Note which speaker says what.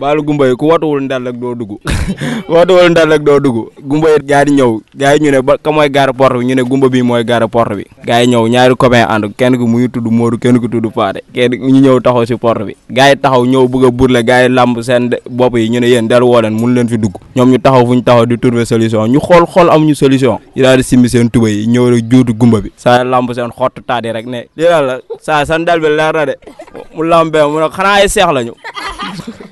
Speaker 1: baalu gumba yi ku watuwul ndal ak doo dugg watuwul ndal ak doo dugg gumba yi gaa ñëw gaa yi ñu ne ba ka mooy gaar porte bi ñu ne gumba bi mooy gaar port bi gaa yi ñëw ñaari copain ànd kenn ku mu ngi tudd Modou kenn ku tudd Faate kenn ñu ñëw taxaw si porte bi gaa yi taxaw ñëw bëgg a burle gaa yi seen bopp yi ñu ne yéen dellu woo leen mun leen fi dugg ñoom ñu taxaw fu ñu taxaw di trouver solution ñu xool xool am ñu solution yi daal di simbi seen tuba yi ñëw rek juutu gumba bi saa làmb seen xott taat yi rek ne lii daal la saa san dal bi leer na de